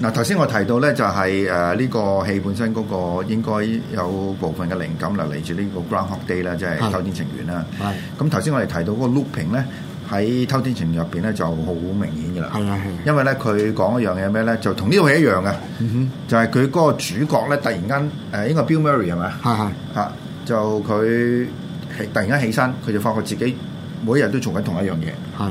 嗱，頭先我提到咧就係誒呢個戲本身嗰個應該有部分嘅靈感啦，嚟自呢個 Groundhog Day 啦，即係偷天情緣啦。係。咁頭先我哋提到嗰個 Looping 咧，喺偷天情緣入邊咧就好明顯嘅啦。係啊係。因為咧佢講一樣嘢咩咧，嗯、哼就同呢度係一樣嘅，就係佢嗰個主角咧突然間誒應該 Bill Murray 係咪？係係嚇，就佢突然間起身，佢就發覺自己每一日都做緊同一樣嘢。係。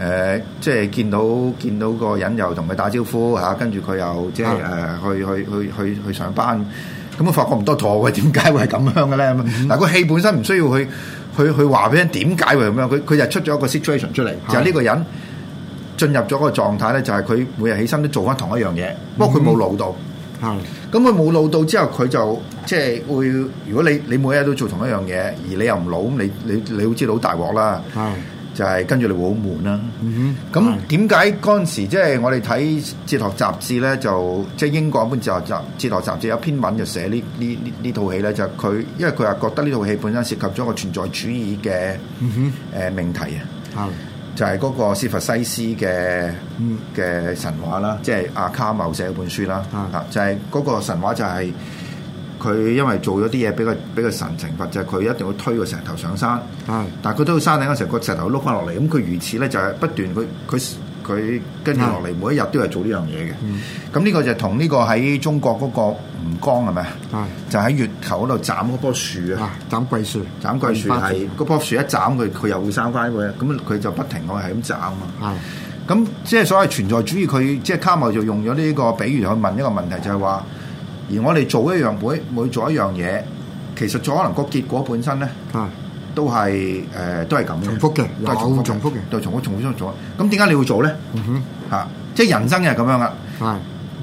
誒，即係見到見到個人又同佢打招呼嚇，跟住佢又即係誒去去去去去上班，咁啊發覺唔多妥嘅，點解會係咁樣嘅咧？嗱，個戲本身唔需要去去去話俾人點解會咁樣，佢佢就出咗一個 situation 出嚟，就係呢個人進入咗個狀態咧，就係佢每日起身都做翻同一樣嘢，不過佢冇老到，咁佢冇老到之後，佢就即係會，如果你你每日都做同一樣嘢，而你又唔老，你你你會知道好大鑊啦。就係跟住你會好悶啦，啊。咁點解嗰陣時即係，就是，我哋睇，就是《哲學雜誌》咧，就即係英國一本《哲學雜哲學雜誌》有篇文就寫呢呢呢呢套戲咧，就佢、是、因為佢係覺得呢套戲本身涉及咗個存在主義嘅誒命題啊。係、嗯、哼就係嗰個《斯佛西斯》嘅嘅、嗯、神話啦，即、就、係、是、阿卡茂寫一本書啦。嚇、嗯、就係嗰個神話就係、是。佢因為做咗啲嘢俾個俾個神懲罰，就係、是、佢一定要推個石頭上山。係、嗯，但係佢到山頂嗰時候，個石頭碌翻落嚟。咁佢如此咧，就係不斷佢佢佢跟住落嚟，每一日都係做呢樣嘢嘅。咁呢、嗯、個就同呢個喺中國嗰個吳剛係咪就喺月球度斬嗰棵樹啊，斬桂樹。斬桂樹係嗰棵樹一斬佢，佢又會生翻嗰隻。咁佢就不停咁係咁斬啊嘛。咁、嗯，即係、就是、所謂存在主義，佢即係卡茂就用咗呢個比喻去問一個問題，就係話。嗯嗯而我哋做一樣會，每做一樣嘢，其實做可能個結果本身咧，都係誒，都係咁樣，重複嘅，又重複，重複嘅，又重複，重複咗做。咁點解你要做咧？嗯哼，嚇，即係人生又係咁樣啦。係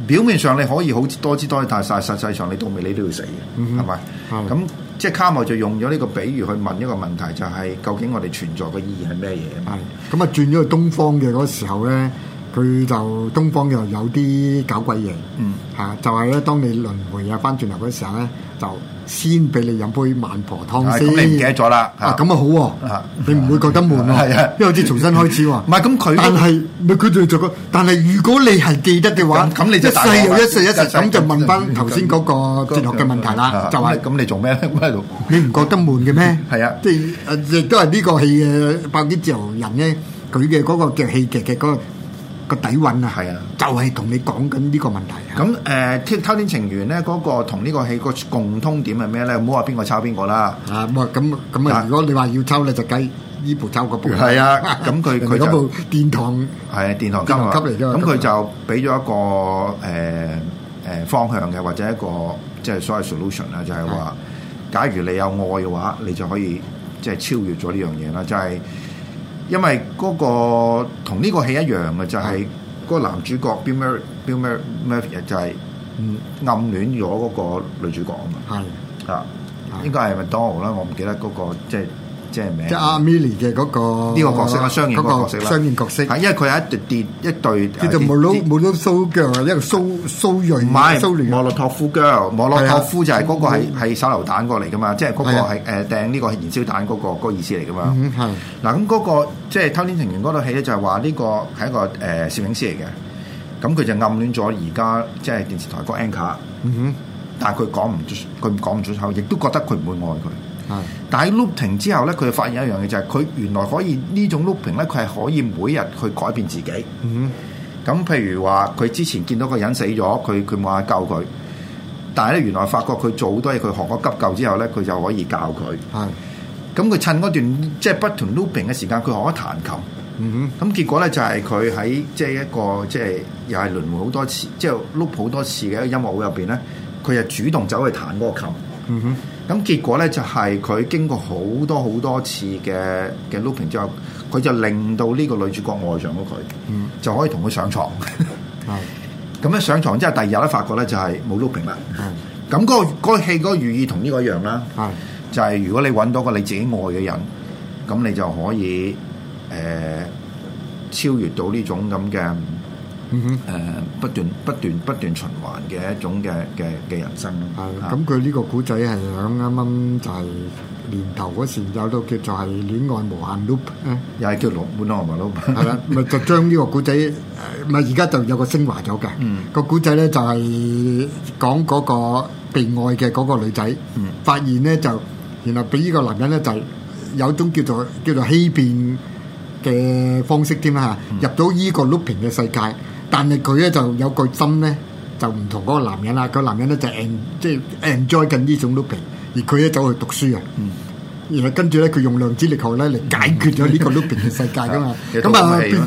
表面上你可以好似多姿多態，但係實際上你到尾你都要死嘅，係咪？咁即係卡莫就用咗呢個比喻去問一個問題，就係究竟我哋存在嘅意義係咩嘢？係咁啊！轉咗去東方嘅嗰個時候咧。佢就東方又有啲搞鬼嘢，嚇就係咧。當你輪迴啊翻轉頭嗰時候咧，就先俾你飲杯孟婆湯先。咁你唔記得咗啦？啊咁啊好喎，你唔會覺得悶喎，因為好似重新開始喎。唔係咁佢，但係咪佢仲著個？但係如果你係記得嘅話，咁你就打翻。一世又一世，一世咁就問翻頭先嗰個哲學嘅問題啦。就係咁，你做咩咧？你唔覺得悶嘅咩？係啊，即係亦都係呢個戲嘅爆機自由仁咧，佢嘅嗰個嘅戲劇嘅嗰個底蘊啊，係啊，就係同你講緊呢個問題啊。咁挑《偷天情緣》咧，嗰個同呢個戲個共通點係咩咧？唔好話邊個抄邊個啦。啊，咁咁啊！如果你話要抄咧，就計呢部抄嗰部。係啊，咁佢佢部殿堂係殿堂級嚟㗎。咁佢就俾咗一個誒誒方向嘅，或者一個即係所謂 solution 啊，就係話，假如你有愛嘅話，你就可以即係超越咗呢樣嘢啦，就係。因為嗰、那個同呢個戲一樣嘅就係、是、嗰個男主角 Bill Murray Bill Murray 就係暗戀咗嗰個女主角啊嘛，係啊，應該係麥當勞啦，我唔記得嗰、那個即係。就是即係名，即係阿米莉嘅嗰個呢個角色，個雙面個角色啦。雙面角色，係因為佢係一對跌一對。叫做摩洛摩洛托夫 girl，摩洛托夫就係嗰個係係手榴彈過嚟噶嘛，即係嗰個係誒掟呢個係燃燒彈嗰個嗰意思嚟噶嘛。嗱咁嗰個即係偷天情緣嗰套戲咧，就係話呢個係一個誒攝影師嚟嘅，咁佢就暗戀咗而家即係電視台個 anchor。嗯哼，但係佢講唔佢講唔出口，亦都覺得佢唔會愛佢。但喺 looping 之後咧，佢發現一樣嘢就係，佢原來可以呢種 looping 咧，佢係可以每日去改變自己。嗯哼。咁譬如話，佢之前見到個人死咗，佢佢冇嗌救佢，但係咧原來發覺佢做好多嘢，佢學咗急救之後咧，佢就可以教佢。係。嗯哼，咁佢趁嗰段即係不斷 looping 嘅時間，佢學咗彈琴。嗯哼。咁結果咧就係佢喺即係一個即係又係輪迴好多次，即係 loop 好多次嘅一個音樂會入邊咧，佢又主動走去彈嗰個琴。嗯哼。咁結果咧就係佢經過好多好多次嘅嘅 looping 之後，佢就令到呢個女主角愛上咗佢，mm. 就可以同佢上牀。咁 咧是上床之後，第二日咧發覺咧就係冇 looping 啦。咁嗰是、嗰個嗰、嗰個戲嗰個寓意同呢個一樣啦，是就係如果你揾到個你自己愛嘅人，咁你就可以誒、呃、超越到呢種咁嘅。嗯哼，誒、呃，不斷不斷不斷循環嘅一種嘅嘅嘅人生係，咁佢呢個古仔係響啱啱就係年頭嗰時有套叫做係戀愛無限 loop 又、啊、係叫戀愛無限 loop 係啦，咪就將呢個古仔，咪而家就有個升華咗嘅。嗯，個古仔咧就係講嗰個被愛嘅嗰個女仔，嗯，發現咧就，然後俾呢個男人咧就係有種叫做叫做欺騙嘅方式添啊，入到呢個 looping 嘅世界。但係佢咧就有個心咧，就唔同嗰個男人啦。個男人咧就 en 即係 enjoy 緊呢種 looping，而佢咧走去讀書啊。嗯，然後跟住咧佢用量子力學咧嚟解決咗呢個 looping 嘅世界噶嘛。咁啊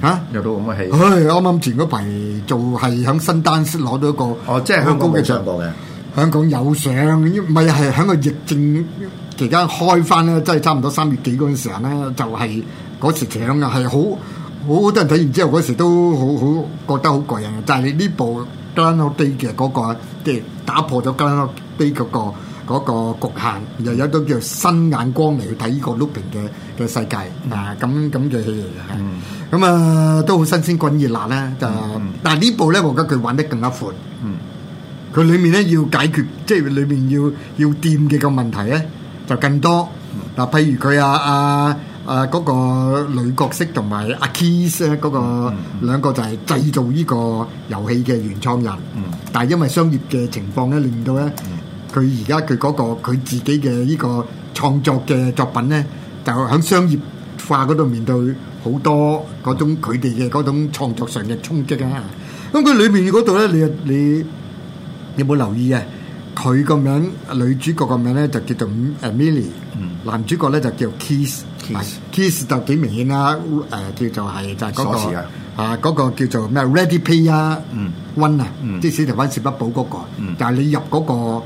嚇，又到咁嘅氣！唉，啱啱前嗰排做係響新丹斯攞到一個哦，即係香港未上過嘅。香港有上，唔係係響個疫症期間開返咧，即係差唔多三月幾嗰陣時咧，就係嗰時請啊，係好。好好多人睇完之後嗰時都好好覺得好過癮嘅，但係你呢部《Groundhog Day 嘅》嗰、那個即係打破咗《Groundhog Day》嗰、那個嗰、那個局限，又有啲叫新眼光嚟去睇呢個《looping》嘅嘅世界嗱，咁咁嘅戲嚟嘅嚇。咁、嗯、啊都好新鮮滾熱辣咧，就、嗯、但係呢部咧，我覺得佢玩得更加闊。嗯。佢裏面咧要解決即係裏面要要掂嘅個問題咧就更多。嗱，譬如佢啊啊。啊啊！嗰、呃嗰個女角色同埋阿 Keys 咧，嗰個兩個就係製造呢個遊戲嘅原創人。嗯、但係因為商業嘅情況咧，令到咧佢而家佢嗰個佢自己嘅呢個創作嘅作品咧，就喺商業化嗰度面對好多嗰種佢哋嘅嗰種創作上嘅衝擊啊！咁佢裏面嗰度咧，你你，你有冇留意啊？佢個名女主角個名咧就叫做 Emily、嗯、男主角咧就叫 Keys。唔係，key 就幾明顯啦，誒，叫做係就係嗰個啊，嗰個叫做咩 ready pay 啊，one 啊，啲錢同 one 是不保嗰個，但係你入嗰個誒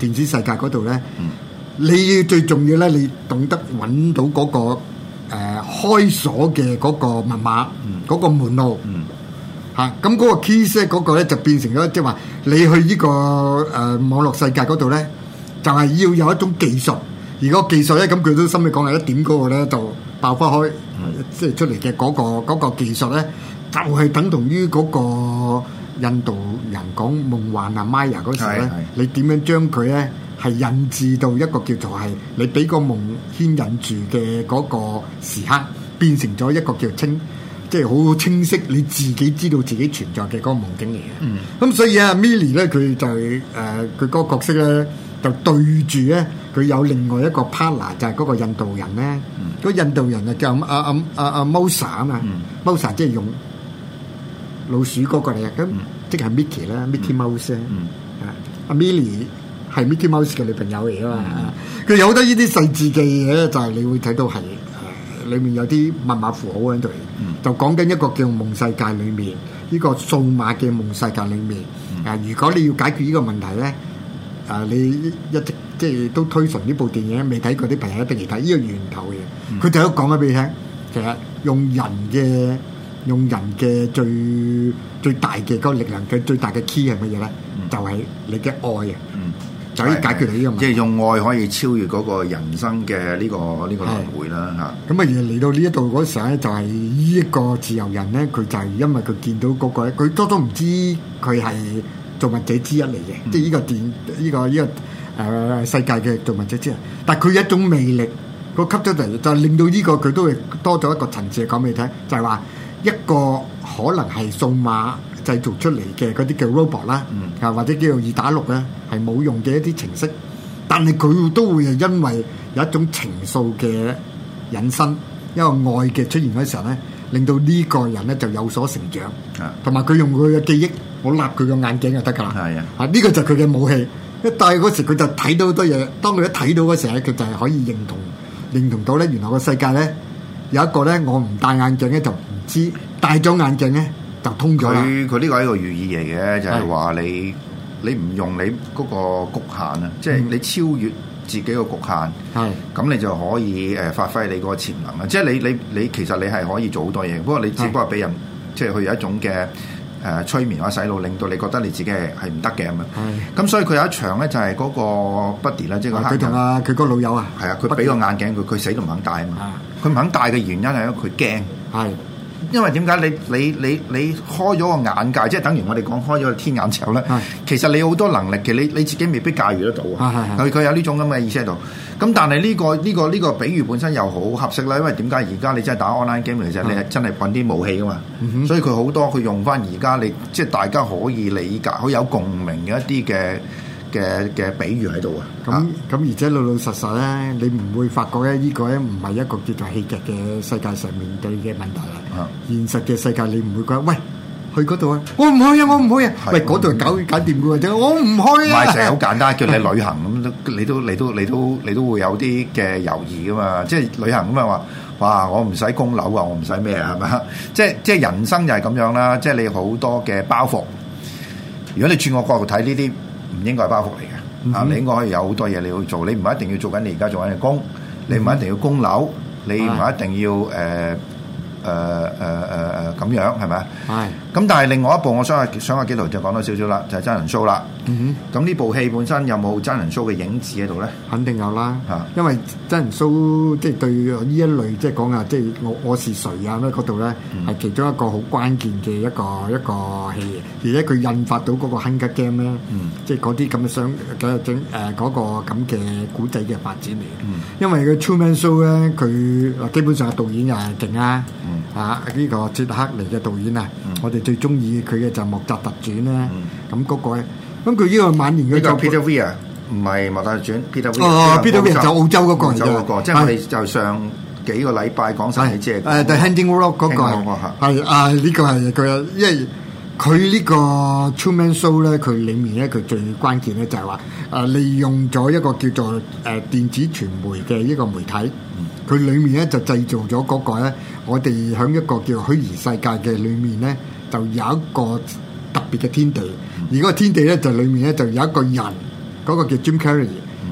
電子世界嗰度咧，你要最重要咧，你懂得搵到嗰個誒開鎖嘅嗰個密碼，嗰個門路，吓咁嗰個 keyset 嗰個咧就變成咗，即係話你去呢個誒網絡世界嗰度咧，就係要有一種技術。如果技術咧，咁佢都心裏講係一點嗰個咧，就爆開開，即係出嚟嘅嗰個嗰個技術咧，就係等同於嗰個印度人講夢幻啊 Maya 嗰時候咧，的你點樣將佢咧係引致到一個叫做係你俾個夢牽引住嘅嗰個時刻，變成咗一個叫清，即係好清晰你自己知道自己存在嘅嗰個夢境嚟嘅。咁、嗯、所以啊 Milly 咧，佢就係誒佢嗰個角色咧。就對住咧，佢有另外一個 partner，就係嗰個印度人咧。嗰、嗯、印度人就叫阿阿阿阿 Mosa 啊嘛 Mosa 即係用老鼠嗰個嚟嘅，咁、嗯、即係 Mickey 啦，Mickey Mouse、嗯、啊，阿 Milly 係 Mickey Mouse 嘅女朋友嚟、嗯、啊嘛。佢有好多呢啲細緻嘅嘢，就係、是、你會睇到係誒，裡面有啲密碼符號喺度，嗯、就講緊一個叫夢世界裡面呢個數碼嘅夢世界裡面。誒、這個啊，如果你要解決呢個問題咧。啊！你一直即係都推崇呢部電影，未睇過啲朋友一定要睇。呢個源頭嘅嘢，佢就都講咗俾你聽。其實用人嘅用人嘅最最大嘅嗰個力量，佢最大嘅 key 係乜嘢咧？就係你嘅愛啊！就可以解決你嘅問題。即係用愛可以超越嗰個人生嘅呢個呢個輪迴啦！嚇。咁啊，而嚟到呢一度嗰時咧，就係呢一個自由人咧，佢就係因為佢見到嗰個，佢多都唔知佢係造物者之一嚟嘅，即係呢個電呢、這個呢、這個誒、呃、世界嘅造物者之一。但係佢有一種魅力，個吸咗嚟就係、令到呢、這個佢都會多咗一個層次講俾你聽，就係話一個可能係數碼製造出嚟嘅嗰啲叫 robot 啦、嗯，啊或者叫做二打六咧係冇用嘅一啲程式，但係佢都會係因為有一種情愫嘅引申，因為愛嘅出現嘅時候咧，令到呢個人咧就有所成長，同埋佢用佢嘅記憶。我立佢個眼鏡就得㗎喇，係啊係啊，啊呢個就佢嘅武器。一戴嗰時，佢就睇到好多嘢。當佢一睇到嗰時，佢就係可以認同，認同到咧原來個世界咧有一個咧，我唔戴眼鏡咧就唔知，戴咗眼鏡咧就通咗。佢呢個係一個寓意嚟嘅，就係話你係啊你唔用你嗰個局限啊，即係你超越自己個局限，係咁係啊你就可以誒發揮你個潛能啊！係啊即係你你你你其實你係可以做好多嘢，不過你只不過俾人即係佢有一種嘅。誒、呃、催眠啊，洗腦令到你覺得你自己係係唔得嘅咁啊！咁所以佢有一場咧，就係嗰個 Buddy 啦，即係佢同啊，佢個老友啊，係啊，佢俾個眼鏡，佢，佢死都唔肯戴啊嘛！佢唔肯戴嘅原因係因為佢驚。係。因為點解你你你你開咗個眼界，即係等於我哋講開咗個天眼之後咧，是的 其實你好多能力，其實你你自己未必駕馭得到啊。佢佢有呢種咁嘅意思喺度。咁但係呢、呢個呢、呢個呢、呢個比喻本身又好合適啦。因為點解而家你真係打 online game 嚟嘅，你係真係揾啲武器噶嘛。所以佢好多佢用翻而家你即係大家可以理解、好有共鳴嘅一啲嘅。嘅嘅比喻喺度啊，咁咁而且老老實實咧，你唔會發覺咧，呢個咧唔係一個叫做戲劇嘅世界上面對嘅問題啊。現實嘅世界你唔會覺得喂，去嗰度啊，我唔去啊，我唔去啊。喂，嗰度搞搞掂嘅啫，我唔去啊。唔係，成日好簡單，叫你旅行咁，你都你都你都你都會有啲嘅猶豫噶嘛。即係旅行咁樣話，哇，我唔使供樓啊，我唔使咩啊，係咪？即係即係人生就係咁樣啦。即係你好多嘅包袱。如果你轉個角度睇呢啲。唔應該係包袱嚟嘅，啊、嗯哼！你應該可以有好多嘢，你要做，你唔係一定要做緊，你而家做緊嘅工，你唔係一定要供樓，你唔係一定要誒。嗯呃誒誒誒誒咁樣係咪啊？咁是但係另外一部我想話想話幾度就講多少少啦，就係、是、真人 show 啦。嗯咁哼呢部戲本身有冇真人 show 嘅影子喺度咧？肯定有啦。嚇是。因為真人 show 即係、就是、對呢一類即係講啊，即係我我是誰啊咩嗰度咧，係、嗯、其中一個好關鍵嘅一個一個戲嘅。而且佢引發到嗰、那個 Hunger Game 咧，即係嗰啲咁嘅想嗰種咁嘅古仔嘅發展嚟。嗯、因為佢 True Man Show 咧，佢基本上導演又係勁啊。嗯嗯啊！呢個捷克嚟嘅導演啊，我哋最中意佢嘅就《莫扎特傳》咧。咁嗰個，咁佢呢個晚年嘅作品。呢個 Peter Weir 唔係《莫扎特傳》Peter Weir，哦，Peter Weir 就澳洲嗰個，就嗰個，即係我哋就上幾個禮拜講晒係即係誒，《The Hanging Rock》嗰個，係啊，呢個係佢因為。佢呢個《Truman Show》咧，佢裡面咧，佢最關鍵咧就係話，誒利用咗一個叫做誒電子傳媒嘅一個媒體，佢、嗯、裡面咧就製造咗嗰個咧，我哋喺一個叫虛擬世界嘅裡面咧，就有一個特別嘅天地，嗯、而嗰個天地咧就裡面咧就有一個人，嗰、嗰個叫 Jim Carrey，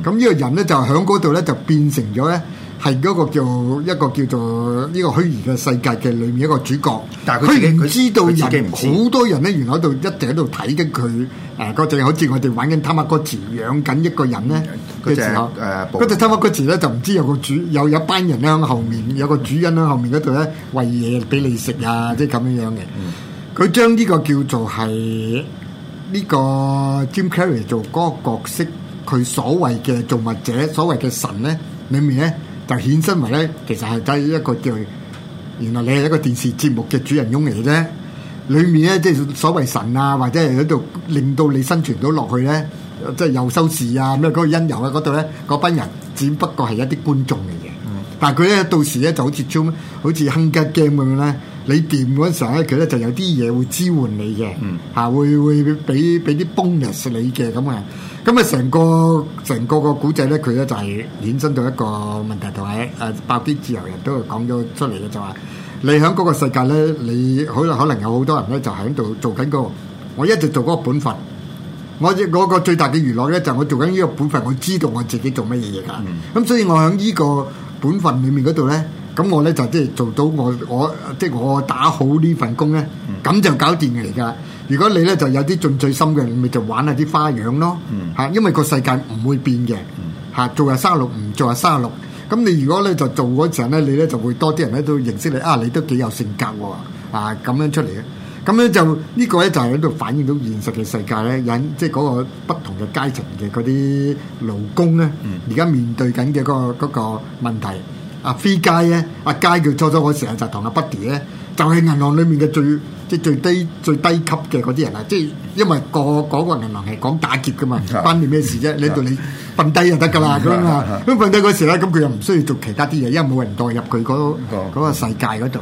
咁呢、嗯、個人咧就喺嗰度咧就變成咗咧。係一個叫一個叫做呢個虛擬嘅世界嘅裏面一個主角，佢唔知道人好多人咧，原來喺度一直喺度睇緊佢。誒、呃，嗰陣好似我哋玩緊他媽哥池時養緊一個人咧嘅時候，誒、就是，嗰、呃、隻他媽哥池時咧就唔知有個主，有一班人咧喺後面，有個主人喺後面嗰度咧餵嘢俾你食啊，即係咁樣樣嘅。佢將呢個叫做係呢個 Jim Carrey 做嗰個角色，佢所謂嘅造物者，所謂嘅神咧，裏面咧。就顯身為咧，其實係喺一個叫原來你係一個電視節目嘅主人翁嚟嘅啫。裡面咧，即係所謂神啊，或者係喺度令到你生存到落去咧，即係又收視啊咩嗰、嗰個因由啊嗰度咧，嗰、嗰、班、個、人只不過係一啲觀眾嚟嘅。但係佢咧到時咧就好似中、er，好似 Hunger Game 咁樣咧。你掂嗰陣咧，佢咧就有啲嘢會支援你嘅，嚇、嗯、會會俾俾啲 bonus 你嘅咁啊！咁啊成個成個個古仔咧，佢咧就係衍生到一個問題，同埋誒爆機自由仁都講咗出嚟嘅，就話、是、你喺嗰個世界咧，你可能可能有好多人咧就喺度做緊個，我一直做嗰個本分，我我個最大嘅娛樂咧就係我做緊呢個本分，我知道我自己做乜嘢嘅，咁、嗯、所以我喺呢個本分裏面嗰度咧。咁我咧就即係做到我我即係我打好呢份工咧，咁、嗯、就搞掂嚟噶。如果你咧就有啲進取心嘅，你咪就玩下啲花樣咯。嚇、嗯，因為個世界唔會變嘅。嚇、嗯，做下卅六唔做下卅六。咁你如果咧就做嗰陣咧，你咧就會多啲人咧都認識你。啊，你都幾有性格喎、啊。啊，咁樣出嚟嘅。咁咧就呢、呢個咧就喺度反映到現實嘅世界咧，引即係嗰個不同嘅階層嘅嗰啲勞工咧，而家、嗯、面對緊嘅嗰個嗰、嗰個問題。啊飛街咧，阿街叫初初我成日就同阿 Buddy 咧，就係銀行裏面嘅最即最低最低級嘅嗰啲人啦，即係因為個嗰個銀行係講打劫嘅嘛，關你咩事啫？你到你瞓低就得㗎啦，咁樣，咁瞓低嗰時咧，咁佢又唔需要做其他啲嘢，因為冇人代入佢嗰個世界嗰度。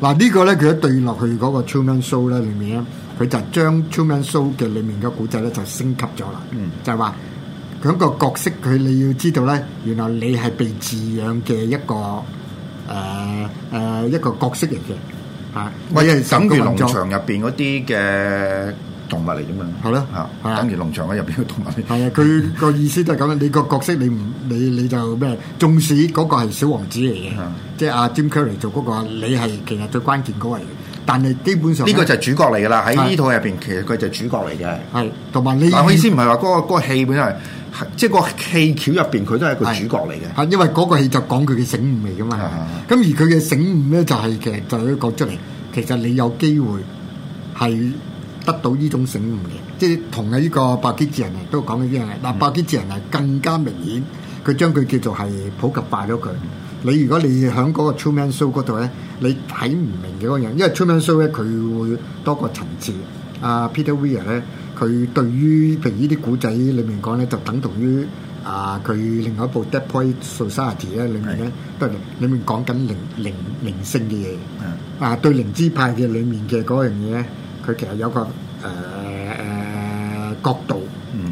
嗱、 啊這個、呢個咧，佢一對落去嗰個 Truman Show 咧裏面咧，佢就將 Truman Show 嘅裏面嘅古仔咧就升級咗啦， 就係話。佢個角色，佢你要知道咧，原來你係被飼養嘅一個誒誒、呃呃、一個角色嚟嘅嚇，咪、啊、係喂等於農場入邊嗰啲嘅動物嚟啫嘛，係咯嚇，啊、等於農場入邊嘅動物。嚟係啊，佢個、 啊、意思就係咁啦，你個角色你唔你你就咩？縱使嗰個係小王子嚟嘅，啊、即係、啊、阿 Jim Carrey 做嗰、嗰個，你係其實最關鍵嗰、嗰個。但係基本上呢個就係主角嚟噶啦，喺呢套入邊其實佢就主角嚟嘅。係同埋你意思唔係話嗰個嗰戲、那個、本身係，即、就、係、是、個戲橋入邊佢都係一個主角嚟嘅。嚇是，因為嗰個戲就講佢嘅醒悟嚟噶嘛。咁而佢嘅醒悟咧就係、是、其實就喺度講出嚟，其實你有機會係得到呢種醒悟嘅。即係同啊呢個爆機自由仁啊都講一樣嘅，嗯、爆機自由仁係更加明顯，佢將佢叫做係普及化咗佢。你如果你響嗰個 Truman Show 嗰度咧，你睇唔明嘅個樣，因為 Truman Show 咧佢會多個層次。啊，Peter Weir 咧，佢對於譬如呢啲古仔裏面講咧，就等同於啊佢另外一部 Dead Poets Society 咧裏面咧，都係是的 裏面講緊靈靈靈性嘅嘢。是的 啊，對靈知派嘅裏面嘅嗰樣嘢咧，佢其實有個誒誒、呃呃、角度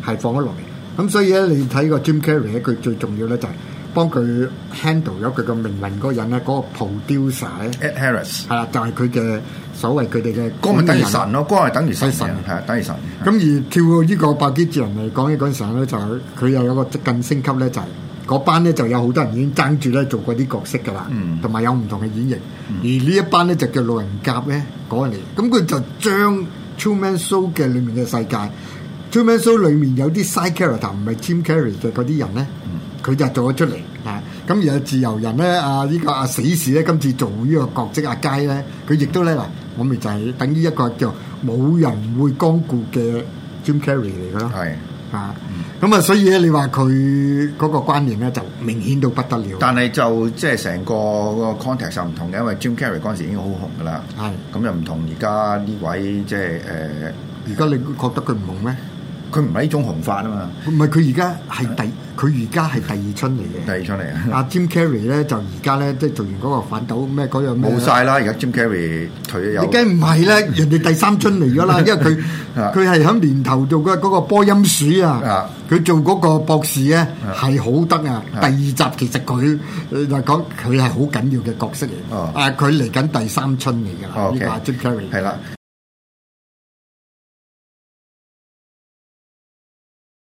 係放咗落嚟。咁、嗯、所以咧，你睇個 Jim Carrey 咧，佢最重要咧就係。幫佢 handle 咗佢嘅命運嗰人咧，嗰個 producer 咧，Ed Harris 係啦，就係佢嘅所謂佢哋嘅。歌咪神咯、啊，歌係等於神。係等於神。咁而跳到呢個百基哲人嚟講起嗰陣時咧，就佢又有個更升級咧，就係嗰班咧就有好多人已經爭住咧做嗰啲角色㗎啦，嗯、同埋有唔同嘅演繹。嗯、而呢一班咧就叫路人甲咧講嚟，咁佢就將 Truman Show 嘅裡面嘅世界，Truman Show 裡面有啲 side character 唔係 Jim Carrey 嘅嗰啲人咧。佢就做咗出嚟嚇，咁、啊、而有自由人咧，阿、啊、呢、這個阿、啊、死士咧，今次做呢個角色阿佳咧，佢亦都咧嗱、啊，我咪就係等於一個叫「冇人會光顧嘅 Jim Carrey 嚟噶咯，係是啊，咁、嗯、啊，所以咧，你話佢嗰個關聯咧，就明顯到不得了。但係就即係成個個 context 就唔同嘅，因為 Jim Carrey 嗰陣時已經好紅噶啦，係咁又唔同而家呢位即係誒，而、就、家、是呃、你覺得佢唔紅咩？佢唔係呢種紅法啊嘛，唔係佢而家係第佢而家係第二春嚟嘅。第二春嚟啊！阿 Jim Carrey 咧就而家咧即係做完嗰個反斗咩嗰樣冇晒啦！而家 Jim Carrey 佢退咗。你梗唔係啦，人哋第三春嚟咗啦，因為佢佢係喺年頭做嘅嗰個波音鼠啊，佢做嗰個博士咧係好得啊！第二集其實佢嚟講佢係好緊要嘅角色嚟。啊佢嚟緊第三春嚟㗎。阿 Jim Carrey 係啦。